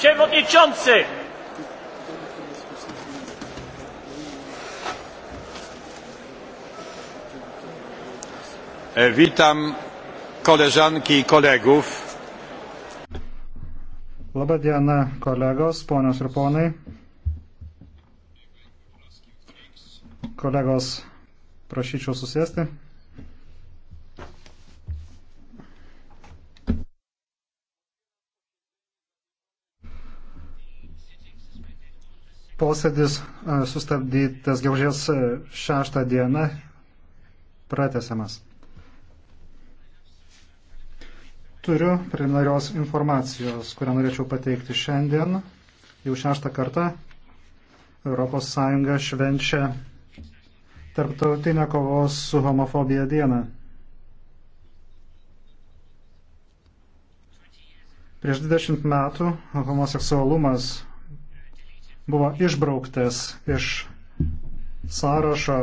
Przewodniczący! E, witam koleżanki i kolegów. Labą dieną, kolegos, ponios ir ponai. Kolegos, prašyčiau susėsti. posėdis sustabdytas gegužės 6 dieną pratesiamas. Turiu preliminarios informacijos, kurią norėčiau pateikti šiandien. Jau šeštą kartą ES švenčia Tarptautinę kovos su homofobija dieną. Prieš 20 metų homoseksualumas buvo išbrauktas iš sąrašo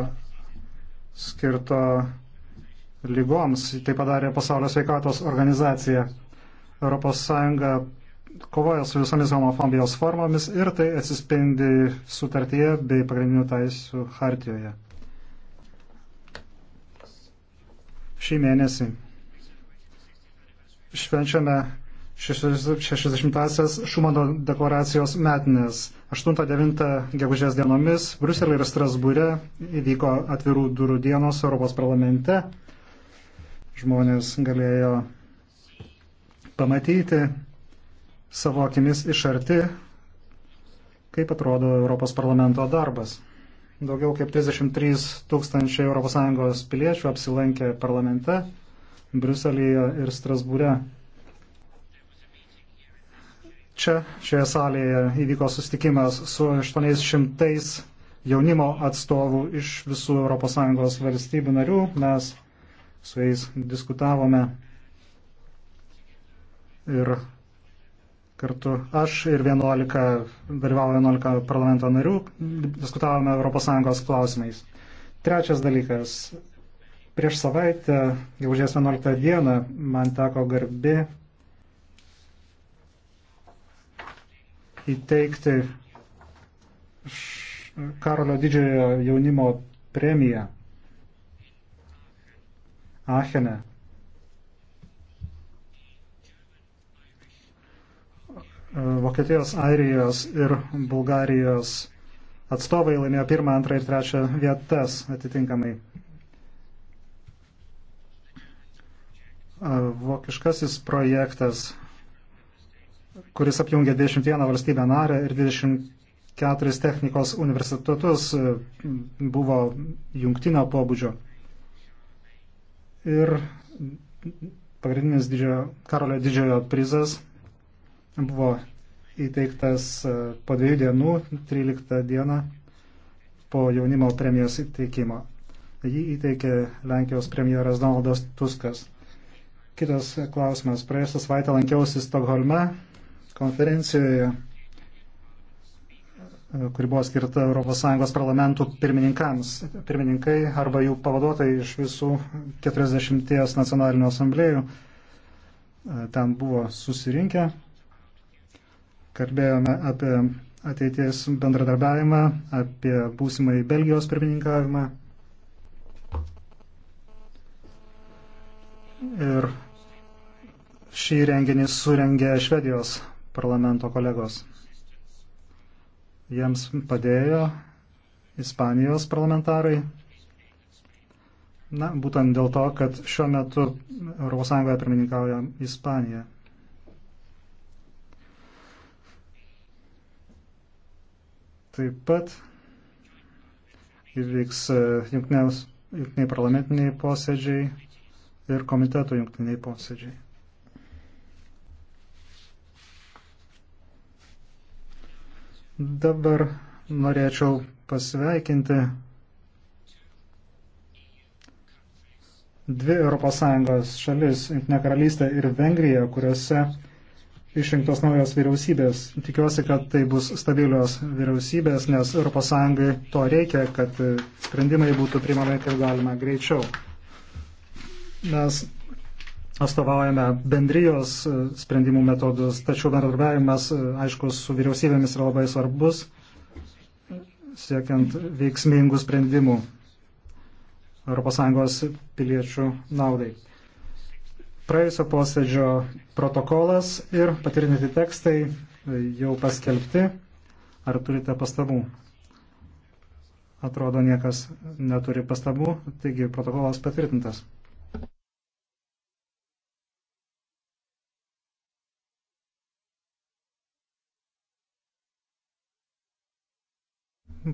skirto lygoms. Tai padarė Pasaulio sveikatos organizacija. ES kovoja su visomis homofobijos formomis ir tai atsispindi sutartyje bei pagrindinių teisų hartijoje. Šį mėnesį švenčiame 60-asias Šumano deklaracijos metinės. 8-9 gegužės dienomis Bruselė ir Strasbūre įvyko atvirų durų dienos Europos parlamente. Žmonės galėjo pamatyti savo akimis iš arti, kaip atrodo Europos parlamento darbas. Daugiau kaip 33 tūkstančiai ES piliečių apsilankė parlamente, Bruselėje ir Strasbūre. Čia šioje salėje įvyko susitikimas su 800 jaunimo atstovų iš visų ES valstybių narių. Mes su jais diskutavome ir kartu aš ir 11, dalyvavo 11 parlamento narių, diskutavome ES klausimais. Trečias dalykas. Prieš savaitę, gegužės 11 dieną, man teko garbi įteikti Karolio didžiojo jaunimo premiją Achene. Vokietijos, Airijos ir Bulgarijos atstovai laimėjo pirmą, antrą ir trečią vietas atitinkamai. Vokiškasis projektas kuris apjungia 21 valstybę narę ir 24 technikos universitetus, buvo jungtinio pobūdžio. Ir pagrindinis didžiojo, Karolio didžiojo prizas buvo įteiktas e, po dviejų dienų, 13 dieną po jaunimo premijos įteikimo. Jį įteikė Lenkijos premjeras Donaldas Tuskas. Kitas klausimas. Praėjusią savaitę lankiausi Stokholme konferencijoje, kuri buvo skirta ES parlamentų pirmininkams. Pirmininkai arba jų pavaduotojai iš visų 40 nacionalinių asamblėjų e, ten buvo susirinkę. Kalbėjome apie ateities bendradarbiavimą, apie būsimąjį Belgijos pirmininkavimą. Ir šį renginį surengė Švedijos parlamento kolegos. Jiems padėjo Ispanijos parlamentarai. Na, būtent dėl to, kad šiuo metu ES pirmininkauja Ispanija. Taip pat įvyks e, jungtiniai parlamentiniai posėdžiai ir komitetų jungtiniai posėdžiai. Dabar norėčiau pasveikinti dvi ES šalis, Jungtinė karalystė ir Vengrija, kuriuose išrinktos naujos vyriausybės. Tikiuosi, kad tai bus stabilios vyriausybės, nes ES to reikia, kad sprendimai būtų primami kaip galima greičiau. Mes atstovaujame bendrijos e, sprendimų metodus, tačiau bendradarbiavimas, e, aišku, su vyriausybėmis yra labai svarbus, siekiant veiksmingų sprendimų ES piliečių naudai. Praėjusio posėdžio protokolas ir patirinti tekstai e, jau paskelbti. Ar turite pastabų? Atrodo, niekas neturi pastabų, taigi protokolas patvirtintas.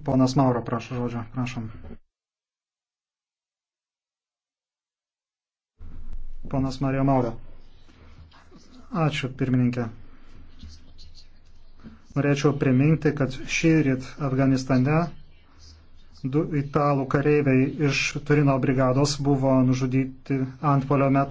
Ponas Mauro, prašau žodžio, prašom. Ponas Marija Mauro. Ačiū, pirmininkė. Norėčiau priminti, kad šį ryt Afganistane du italų kareiviai iš Turino brigados buvo nužudyti antpolio metu.